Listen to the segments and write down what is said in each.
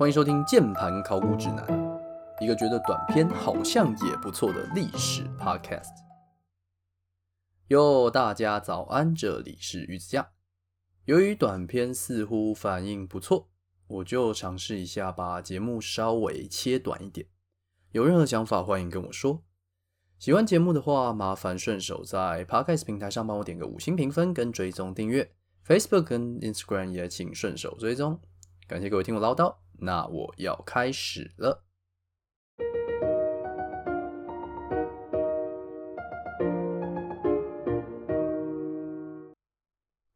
歡迎收聽《鍵盤考古指南》，一個覺得短片好像也不錯的歷史 podcast。喲，大家早安，這裡是魚子醬。由於短片似乎反應不錯，我就嘗試一下把節目稍微切短一點。有任何想法，歡迎跟我說。喜歡節目的話，麻煩順手在 podcast 平台上幫我點個五星評分跟追蹤訂閱。Facebook 跟 Instagram 也請順手追蹤，感謝各位聽我嘮叨。那我要開始了。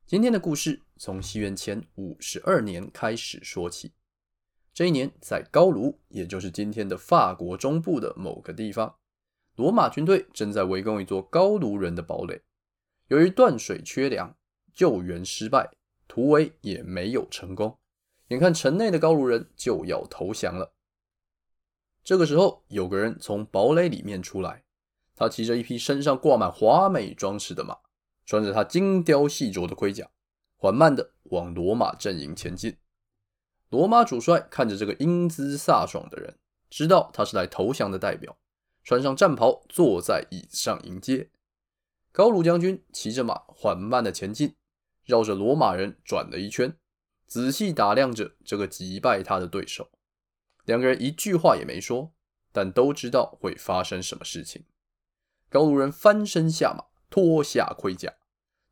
今天的故事從西元前五十二年開始說起。這一年，在高盧，也就是今天的法國中部的某個地方，羅馬軍隊正在圍攻一座高盧人的堡壘。由於斷水缺糧，救援失敗，突圍也沒有成功。眼看城內的高盧人就要投降了，這個時候有個人從堡壘裡面出來，他騎着一匹身上掛滿華美裝飾的馬，穿着他精雕細琢的盔甲，緩慢地往羅馬陣營前進。羅馬主帥看着這個英姿颯爽的人，知道他是來投降的代表，穿上戰袍，坐在椅子上迎接。高盧將軍騎着馬緩慢地前進，繞着羅馬人轉了一圈。仔細打量着這個擊敗他的對手，兩個人一句話也沒說，但都知道會發生什麼事情。高盧人翻身下馬，脫下盔甲，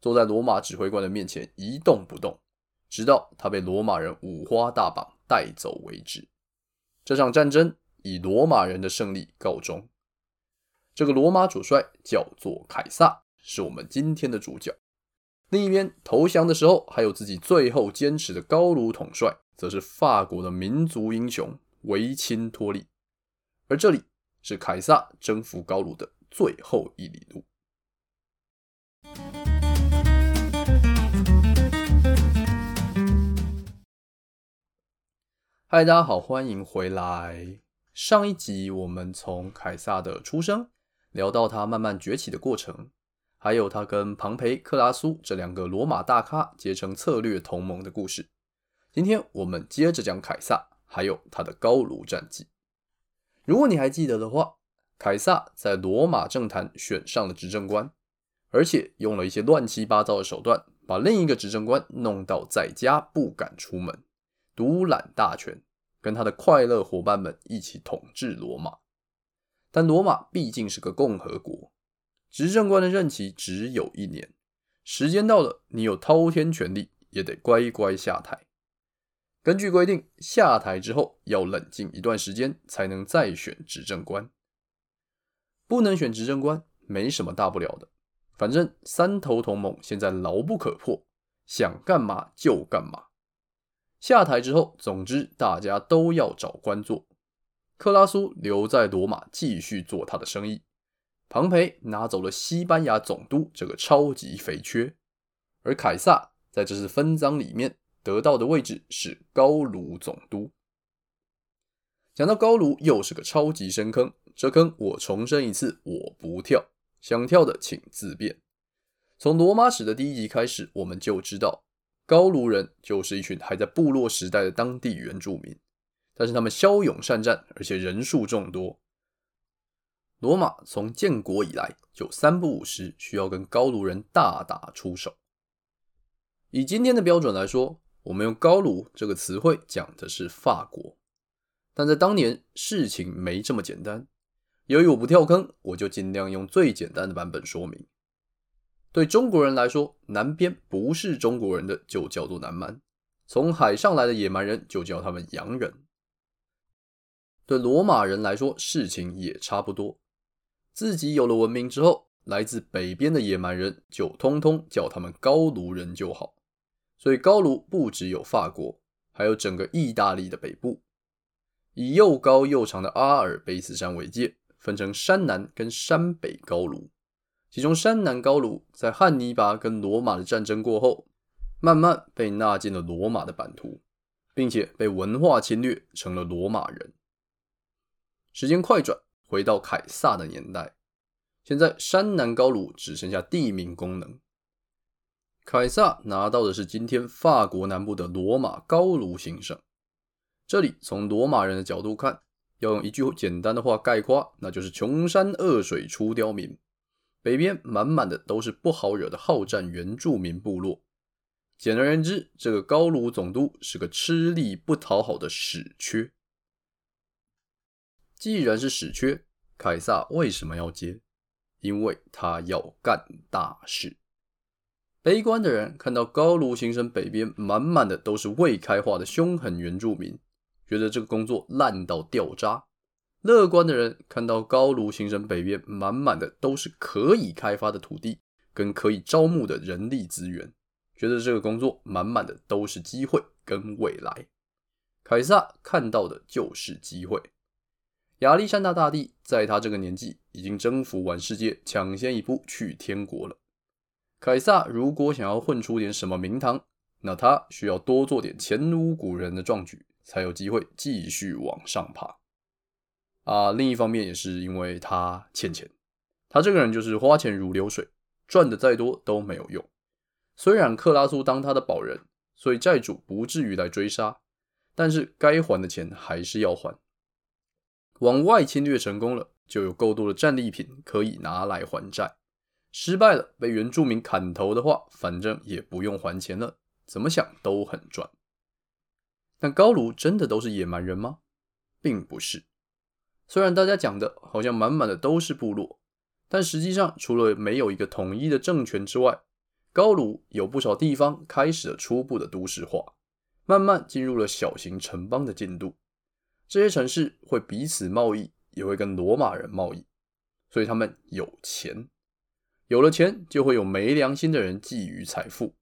坐在羅馬指揮官的面前一動不動，直到他被羅馬人五花大綁帶走為止。這場戰爭以羅馬人的勝利告終。這個羅馬主帥叫做凱撒，是我們今天的主角。另一邊投降的時候，還有自己最後堅持的高盧統帥，則是法國的民族英雄維欽托利。而這裡是凱撒征服高盧的最後一里路。嗨，大家好，歡迎回來。上一集我們從凱撒的出生聊到他慢慢崛起的過程。還有他跟龐培、克拉蘇這兩個羅馬大咖結成策略同盟的故事。今天我們接着講凱撒，還有他的高盧戰績。如果你還記得的話，凱撒在羅馬政坛選上了執政官，而且用了一些亂七八糟的手段，把另一個執政官弄到在家不敢出門，獨攬大權，跟他的快樂伙伴們一起統治羅馬。但羅馬畢竟是個共和國。執政官的任期只有一年，時間到了，你有滔天權力，也得乖乖下台。根據規定，下台之後要冷靜一段時間，才能再選執政官。不能選執政官，沒什麼大不了的，反正三頭同盟現在牢不可破，想幹嘛就幹嘛。下台之後，總之大家都要找官做。克拉蘇留在羅馬繼續做他的生意。龐培拿走了西班牙總督這個超級肥缺，而凱撒在這次分贓裡面得到的位置是高盧總督。講到高盧，又是個超級深坑。這坑我重申一次，我不跳，想跳的請自便。從羅馬史的第一集開始，我們就知道，高盧人就是一群還在部落時代的當地原住民，但是他們驍勇善戰，而且人數眾多。羅馬從建國以來就三不五時需要跟高盧人大打出手。以今天的標準來說，我們用“高盧”這個詞彙講的是法國，但在當年事情沒這麼簡單。由於我不跳坑，我就盡量用最簡單的版本說明。對中國人來說，南邊不是中國人的就叫做南蠻，從海上來的野蠻人就叫他們洋人。對羅馬人來說，事情也差不多。自己有了文明之後，來自北邊的野蠻人就通通叫他們高盧人就好。所以高盧不只有法國，還有整個意大利的北部，以又高又長的阿爾卑斯山為界，分成山南跟山北高盧。其中山南高盧在漢尼拔跟羅馬的戰爭過後，慢慢被納進了羅馬的版圖，並且被文化侵略成了羅馬人。時間快轉。回到凱撒的年代，現在山南高盧只剩下地名功能。凱撒拿到的是今天法國南部的羅馬高盧行省。這裡從羅馬人的角度看，要用一句簡單的話概括，那就是窮山惡水出刁民。北邊滿滿的都是不好惹的好戰原住民部落。簡單而言之，這個高盧總督是個吃力不討好的屎缺。既然是屎缺，凱撒為什麼要接？因為他要幹大事。悲觀的人看到高盧行省北邊滿滿的都是未開化的兇狠原住民，覺得這個工作爛到掉渣；樂觀的人看到高盧行省北邊滿滿的都是可以開發的土地，跟可以招募的人力資源，覺得這個工作滿滿的都是機會跟未來。凱撒看到的就是機會。亞歷山大大帝在他這個年紀已經征服完世界，搶先一步去天國了。凱撒如果想要混出點什麼名堂，那他需要多做點前無古人的壯舉，才有機會繼續往上爬。啊，另一方面也是因為他欠錢，他這個人就是花錢如流水，賺的再多都沒有用。雖然克拉蘇當他的保人，所以債主不至於來追殺，但是該還的錢還是要還。往外侵略成功了，就有夠多的戰利品可以拿來還債；失敗了，被原住民砍頭的話，反正也不用還錢了，怎麼想都很賺。但高盧真的都是野蠻人嗎？並不是。雖然大家講的好像滿滿的都是部落，但實際上，除了沒有一個統一的政權之外，高盧有不少地方開始了初步的都市化，慢慢進入了小型城邦的進度。這些城市會彼此貿易，也會跟羅馬人貿易，所以他們有錢。有了錢，就會有沒良心的人覬覦財富，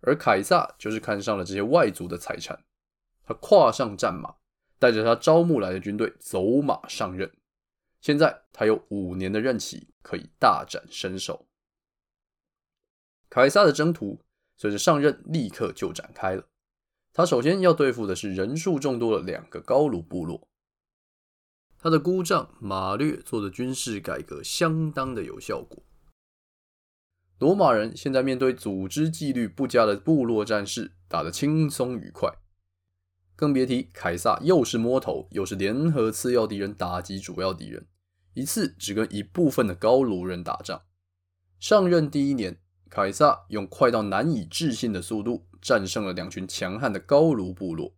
而凱撒就是看上了這些外族的財產。他跨上戰馬，帶着他招募來的軍隊走馬上任。現在他有五年的任期，可以大展身手。凱撒的征途隨着上任立刻就展開了。他首先要對付的是人數眾多的兩個高盧部落。他的姑丈馬略做的軍事改革相當的有效果。羅馬人現在面對組織紀律不佳的部落戰士，打得輕鬆愉快。更別提凱撒又是摸頭又是聯合次要敵人打擊主要敵人，一次只跟一部分的高盧人打仗。上任第一年，凱撒用快到難以置信的速度，戰勝了兩群強悍的高盧部落。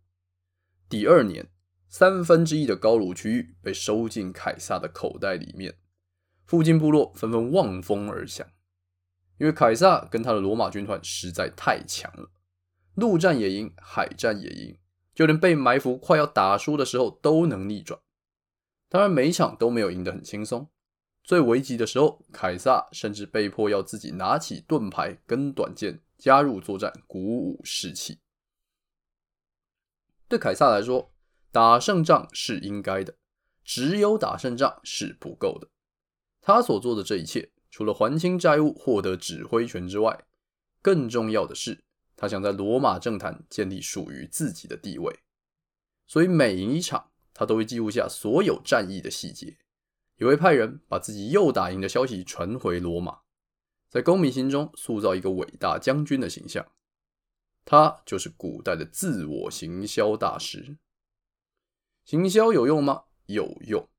第二年，三分之一的高盧區域被收進凱撒的口袋裡面，附近部落紛紛望風而降，因為凱撒跟他的羅馬軍團實在太強了，陸戰也贏，海戰也贏，就連被埋伏、快要打輸的時候都能逆轉。當然，每一場都沒有贏得很輕鬆。最危急的時候，凱撒甚至被迫要自己拿起盾牌跟短劍。加入作戰，鼓舞士氣。對凱撒來說，打勝仗是應該的，只有打勝仗是不夠的。他所做的這一切，除了還清債務、獲得指揮權之外，更重要的是，他想在羅馬政壇建立屬於自己的地位。所以，每贏一場，他都會記錄下所有戰役的細節，也會派人把自己又打贏的消息傳回羅馬。在公民心中塑造一個偉大將軍的形象，他就是古代的自我行銷大師。行銷有用嗎？有用。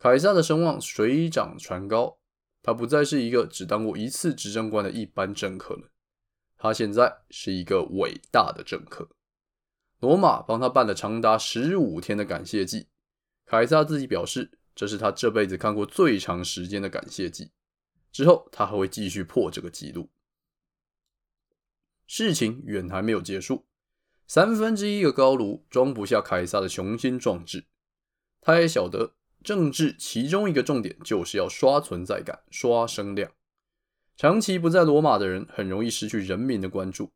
凱撒的聲望水漲船高，他不再是一個只當過一次執政官的一般政客了，他現在是一個偉大的政客。羅馬幫他辦了長達十五天的感謝祭，凱撒自己表示，這是他這輩子看過最長時間的感謝祭。之後，他還會繼續破這個記錄。事情遠還沒有結束，三分之一的高盧裝不下凱撒的雄心壯志。他也曉得，政治其中一個重點就是要刷存在感、刷聲量。長期不在羅馬的人，很容易失去人民的關注。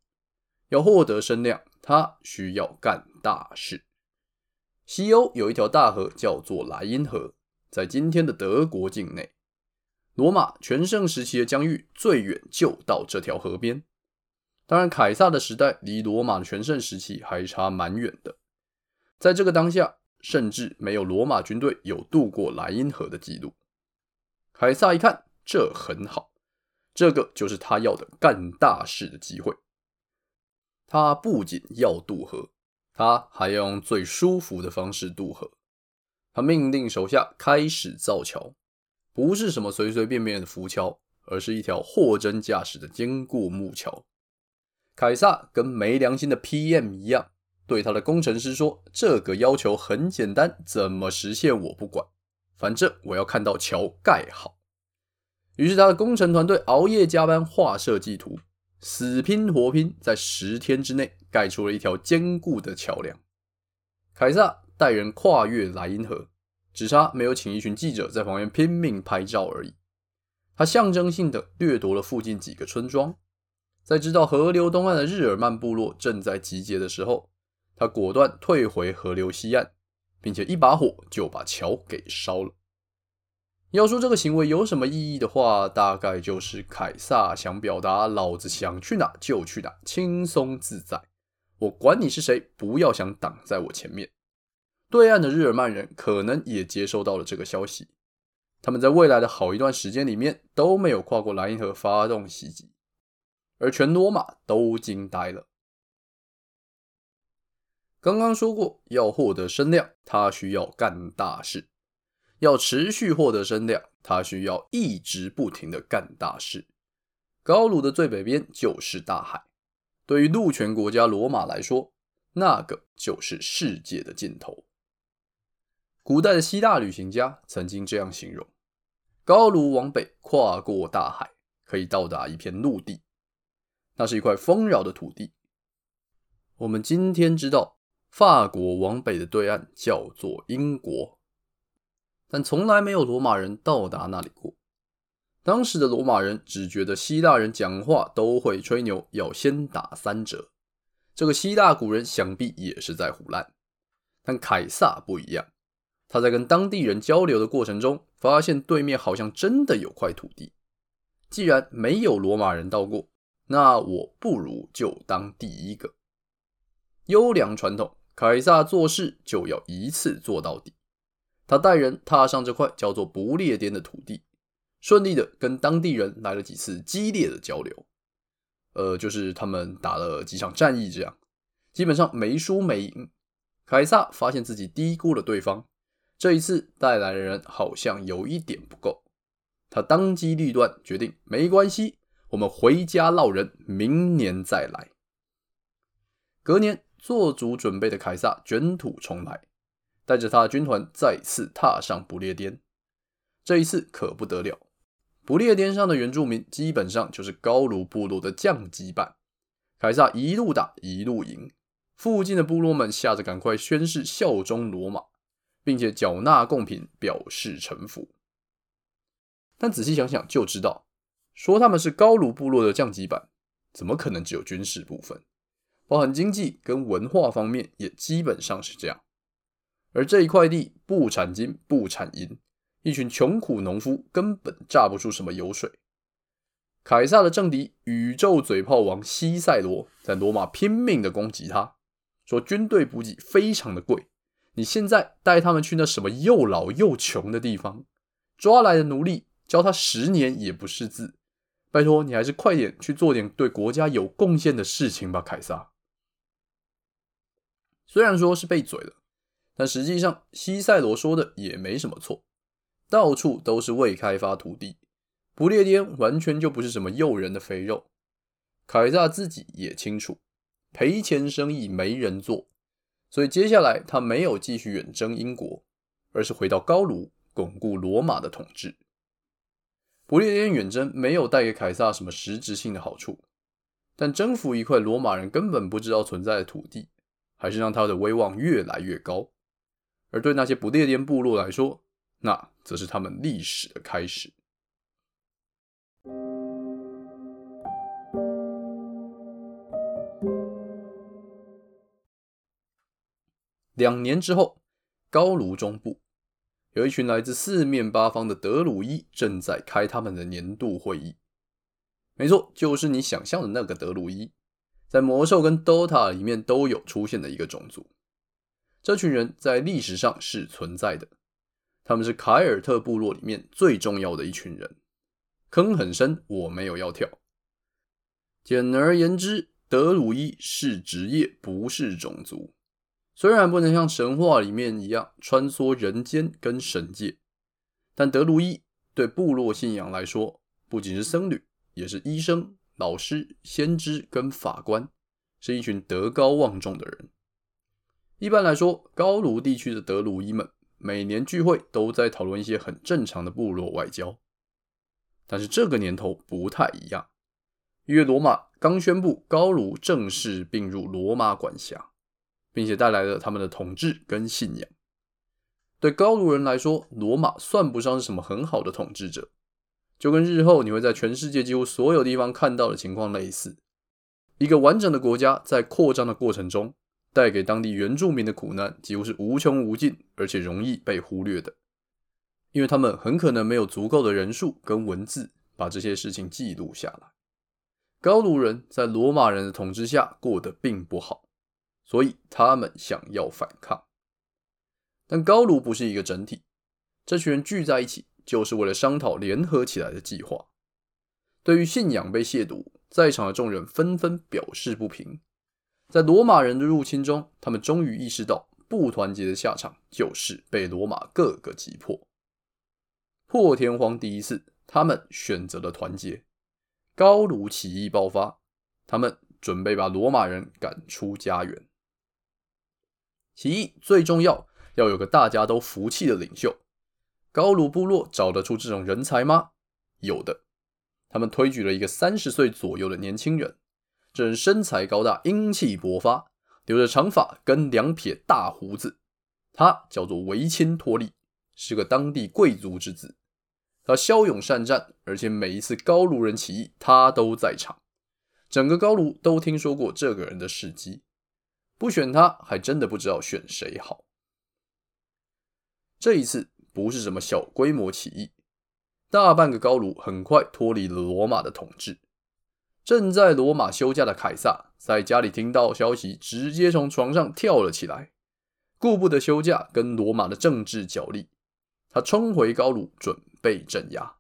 要獲得聲量，他需要幹大事。西歐有一條大河，叫做萊茵河，在今天的德國境內。羅馬全盛時期的疆域，最遠就到這條河邊，當然，凱撒的時代離羅馬的全盛時期還差蠻遠的。在這個當下，甚至沒有羅馬軍隊有渡過萊茵河的記錄。凱撒一看，這很好，這個就是他要的幹大事的機會。他不僅要渡河，他還用最舒服的方式渡河。他命令手下開始造橋。不是什麼隨隨便便的浮橋，而是一條貨真價實的堅固木橋。凱撒跟沒良心的 PM 一樣，對他的工程師說：“這個要求很簡單，怎麼實現我不管，反正我要看到橋蓋好。”於是他的工程團隊熬夜加班畫設計圖，死拼活拼，在十天之內蓋出了一條堅固的橋樑。凱撒帶人跨越萊茵河。只差沒有請一群記者在旁邊拼命拍照而已。他象徵性的掠奪了附近幾個村莊，在知道河流東岸的日耳曼部落正在集結的時候，他果斷退回河流西岸，並且一把火就把橋給燒了。要說這個行為有什麼意義的話，大概就是凱撒想表達：老子想去哪就去哪，輕鬆自在，我管你是誰，不要想擋在我前面。對岸的日耳曼人可能也接收到了這個消息，他們在未來的好一段時間裡面都沒有跨過萊茵河發動襲擊，而全羅馬都驚呆了。剛剛說過，要獲得聲量，他需要幹大事；要持續獲得聲量，他需要一直不停地幹大事。高盧的最北邊就是大海，對於陸權國家羅馬來說，那個就是世界的盡頭。古代的希臘旅行家曾經這樣形容：高盧往北跨過大海，可以到達一片陸地，那是一塊豐饒的土地。我們今天知道，法國往北的對岸叫做英國，但從來沒有羅馬人到達那裡過。當時的羅馬人只覺得希臘人講話都會吹牛，要先打三折。這個希臘古人想必也是在唬爛。但凱撒不一樣。他在跟當地人交流的過程中，發現對面好像真的有塊土地。既然沒有羅馬人到過，那我不如就當第一個。優良傳統，凱撒做事就要一次做到底。他帶人踏上這塊叫做不列顛的土地，順利的跟當地人來了幾次激烈的交流。呃，就是他們打了幾場戰役這樣，基本上沒輸沒贏。凱撒發現自己低估了對方。這一次帶來的人好像有一點不夠，他當機立斷決定，沒關係，我們回家烙人，明年再來。隔年，做足準備的凱撒捲土重來，帶着他的軍團再次踏上不列顛。這一次可不得了，不列顛上的原住民基本上就是高盧部落的降級版。凱撒一路打一路贏，附近的部落們嚇得趕快宣誓效忠羅馬。並且繳納貢品表示臣服，但仔細想想就知道，說他們是高盧部落的降級版，怎麼可能只有軍事部分？包含經濟跟文化方面也基本上是這樣。而這一塊地不產金不產銀，一群窮苦農夫根本榨不出什麼油水。凱撒的政敵宇宙嘴炮王西塞羅在羅馬拼命的攻擊他，說軍隊補給非常的貴。你現在帶他們去那什麼又老又窮的地方，抓來的奴隸教他十年也不識字。拜託，你還是快點去做點對國家有貢獻的事情吧，凱撒。雖然說是被嘴了，但實際上西塞羅說的也沒什麼錯。到處都是未開發土地，不列顛完全就不是什麼誘人的肥肉。凱撒自己也清楚，賠錢生意沒人做。所以接下來他沒有繼續遠征英國，而是回到高盧鞏固羅馬的統治。不列顛遠征沒有帶給凱撒什麼實質性的好處，但征服一塊羅馬人根本不知道存在的土地，還是讓他的威望越來越高。而對那些不列顛部落來說，那則是他們歷史的開始。兩年之後，高盧中部有一群來自四面八方的德魯伊正在開他們的年度會議。沒錯，就是你想象的那個德魯伊，在魔獸跟 Dota 裡面都有出現的一個種族。這群人在歷史上是存在的，他們是凱爾特部落裡面最重要的一群人。坑很深，我沒有要跳。簡而言之，德魯伊是職業，不是種族。雖然不能像神話裡面一樣穿梭人間跟神界，但德魯伊對部落信仰來說，不僅是僧侶，也是醫生、老師、先知跟法官，是一群德高望重的人。一般來說，高盧地區的德魯伊們每年聚會都在討論一些很正常的部落外交，但是這個年頭不太一樣，因為羅馬剛宣布高盧正式併入羅馬管轄。並且帶來了他們的統治跟信仰。對高盧人來說，羅馬算不上是什麼很好的統治者，就跟日後你會在全世界幾乎所有地方看到的情況類似。一個完整的國家在擴張的過程中，帶給當地原住民的苦難幾乎是無窮無盡，而且容易被忽略的，因為他們很可能沒有足夠的人數跟文字把這些事情記錄下來。高盧人在羅馬人的統治下過得並不好。所以他們想要反抗，但高盧不是一個整體。這群人聚在一起，就是為了商討聯合起來的計劃。對於信仰被褻瀆，在場的眾人紛紛表示不平。在羅馬人的入侵中，他們終於意識到，不團結的下場就是被羅馬各個擊破。破天荒第一次，他們選擇了團結。高盧起義爆發，他們準備把羅馬人趕出家園。起義最重要，要有個大家都服氣的領袖。高盧部落找得出這種人才嗎？有的，他們推舉了一個三十歲左右的年輕人。這人身材高大，英氣勃發，留着長髮跟兩撇大鬍子。他叫做維欽托利，是個當地貴族之子。他驍勇善戰，而且每一次高盧人起義，他都在場。整個高盧都聽說過這個人的事蹟。不選他還真的不知道選誰好。這一次不是什麼小規模起義，大半個高盧很快脫離了羅馬的統治。正在羅馬休假的凱撒在家裡聽到消息，直接從床上跳了起來，顧不得休假，跟羅馬的政治角力。他衝回高盧，準備鎮壓。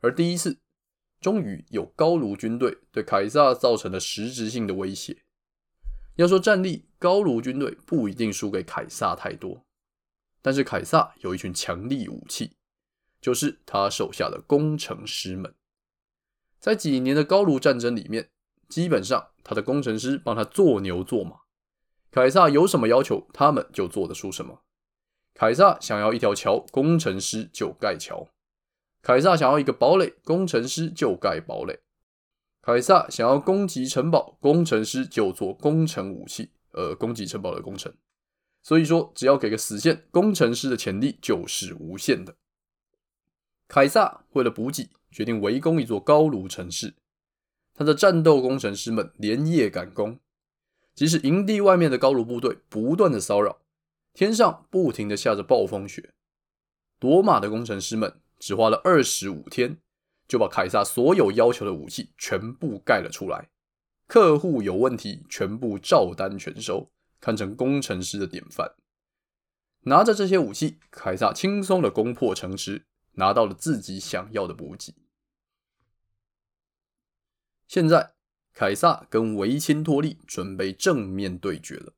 而第一次，終於有高盧軍隊對凱撒造成了實質性的威脅。要說戰力，高盧軍隊不一定輸給凱撒太多，但是凱撒有一群強力武器，就是他手下的工程師們。在幾年的高盧戰爭裡面，基本上他的工程師幫他做牛做馬，凱撒有什麼要求，他們就做得出什麼。凱撒想要一條橋，工程師就蓋橋；凱撒想要一個堡壘，工程師就蓋堡壘。凱撒想要攻擊城堡，工程師就做工程武器，呃，攻擊城堡的工程。所以說，只要給個死線，工程師的潛力就是無限的。凱撒為了補給，決定圍攻一座高盧城市。他的戰鬥工程師們連夜趕工，即使營地外面的高盧部隊不斷的騷擾，天上不停的下着暴風雪，羅馬的工程師們只花了二十五天。就把凱撒所有要求的武器全部蓋了出來，客戶有問題，全部照單全收，堪稱工程師的典範。拿着這些武器，凱撒輕鬆的攻破城池，拿到了自己想要的補給。現在，凱撒跟維欽托利準備正面對決了。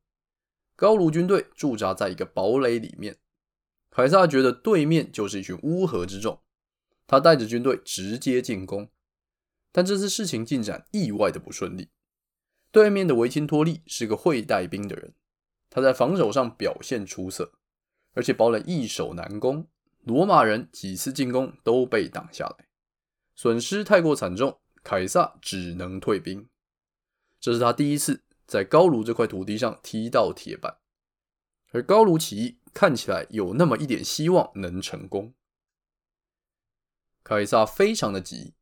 高盧軍隊駐紮在一個堡壘裡面，凱撒覺得對面就是一群烏合之眾。他帶着軍隊直接進攻，但這次事情進展意外的不順利。對面的維欽托利是個會帶兵的人，他在防守上表現出色，而且堡壘易守難攻，羅馬人幾次進攻都被擋下來，損失太過慘重，凱撒只能退兵。這是他第一次在高盧這塊土地上踢到鐵板，而高盧起義看起來有那麼一點希望能成功。凱撒非常的急，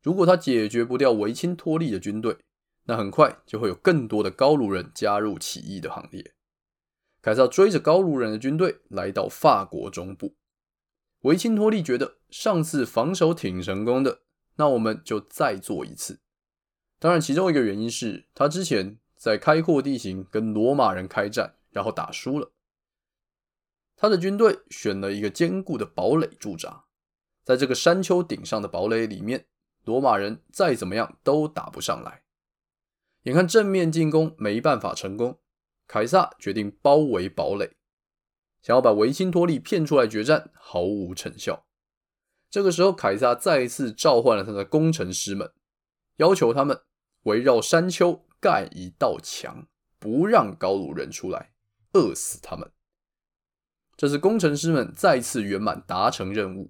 如果他解決不掉維欽托利的軍隊，那很快就會有更多的高盧人加入起義的行列。凱撒追着高盧人的軍隊來到法國中部，維欽托利覺得上次防守挺成功的，那我們就再做一次。當然，其中一個原因是他之前在開闊地形跟羅馬人開戰，然後打輸了。他的軍隊選了一個堅固的堡壘駐紮。在這個山丘頂上的堡壘裡面，羅馬人再怎麼樣都打不上來。眼看正面進攻沒辦法成功，凱撒決定包圍堡壘，想要把維欽托利騙出來決戰，毫無成效。這個時候，凱撒再次召喚了他的工程師們，要求他們圍繞山丘蓋一道牆，不讓高盧人出來，餓死他們。這次工程師們再次圓滿達成任務。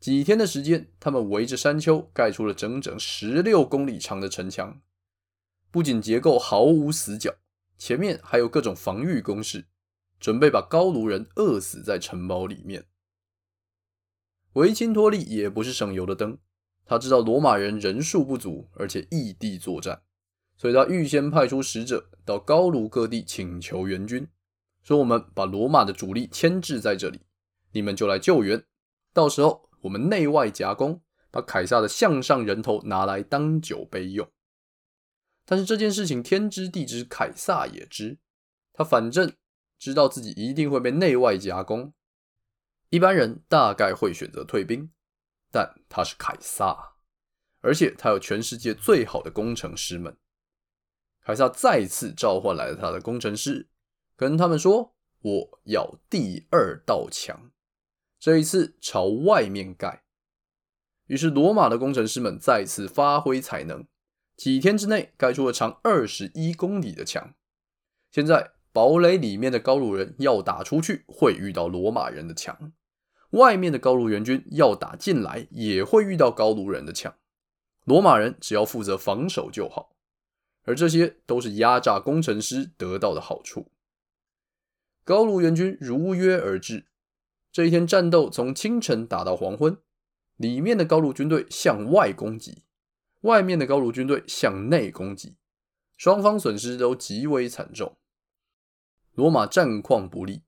幾天的時間，他們圍着山丘蓋出了整整十六公里長的城牆，不僅結構毫無死角，前面還有各種防禦工事，準備把高盧人餓死在城堡裡面。維欽托利也不是省油的燈，他知道羅馬人人數不足，而且異地作戰，所以他預先派出使者到高盧各地請求援軍，說：“我們把羅馬的主力牽制在這裡，你們就來救援，到時候。”我們內外夾攻，把凱撒的項上人頭拿來當酒杯用。但是這件事情天知地知，凱撒也知。他反正知道自己一定會被內外夾攻，一般人大概會選擇退兵，但他是凱撒，而且他有全世界最好的工程師們。凱撒再次召喚來了他的工程師，跟他們說：“我要第二道牆。”這一次朝外面蓋，於是羅馬的工程師們再次發揮才能，幾天之內蓋出了長二十一公里的牆。現在，堡壘裡面的高盧人要打出去，會遇到羅馬人的牆，外面的高盧援軍要打進來，也會遇到高盧人的牆。羅馬人只要負責防守就好，而這些都是壓榨工程師得到的好處。高盧援軍如約而至。這一天戰鬥從清晨打到黃昏，裡面的高盧軍隊向外攻擊，外面的高盧軍隊向內攻擊，雙方損失都極為慘重。羅馬戰況不利，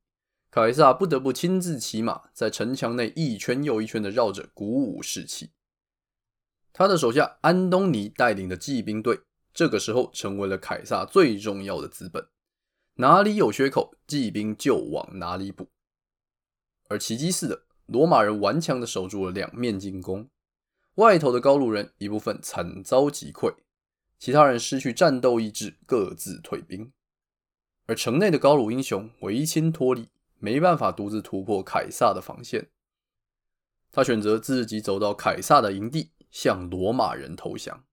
凱撒不得不親自騎馬在城牆內一圈又一圈地繞着鼓舞士氣。他的手下安東尼帶領的騎兵隊，這個時候成為了凱撒最重要的資本，哪裡有缺口，騎兵就往哪裡補。而奇蹟似的，羅馬人頑強的守住了兩面進攻，外頭的高盧人一部分慘遭擊潰，其他人失去戰鬥意志，各自退兵。而城內的高盧英雄維欽托利沒辦法獨自突破凱撒的防線，他選擇自己走到凱撒的營地，向羅馬人投降，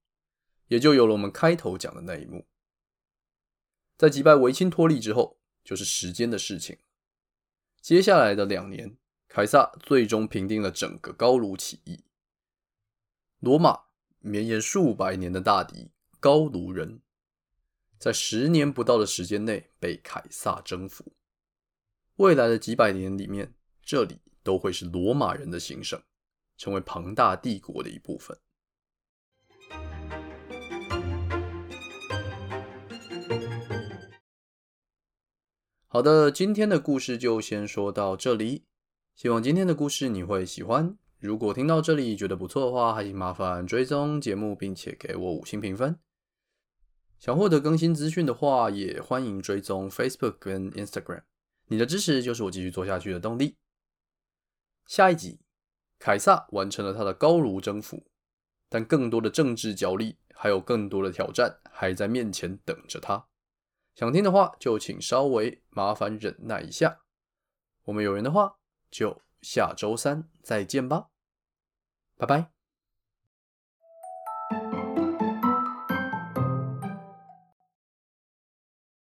也就有了我們開頭講的那一幕。在擊敗維欽托利之後，就是時間的事情。接下來的兩年，凱撒最終平定了整個高盧起義。羅馬綿延數百年的大敵高盧人，在十年不到的時間內被凱撒征服。未來的幾百年裡面，這裡都會是羅馬人的行省，成為龐大帝國的一部分。好的，今天的故事就先說到這裡。希望今天的故事你會喜歡。如果聽到這裡覺得不錯的話，還請麻煩追蹤節目，並且給我五星評分。想獲得更新資訊的話，也歡迎追蹤 Facebook 跟 Instagram。你的支持就是我繼續做下去的動力。下一集，凱撒完成了他的高盧征服，但更多的政治角力，還有更多的挑戰還在面前等着他。想聽的話，就請稍微麻煩忍耐一下。我們有緣的話，就下周三再見吧，拜拜。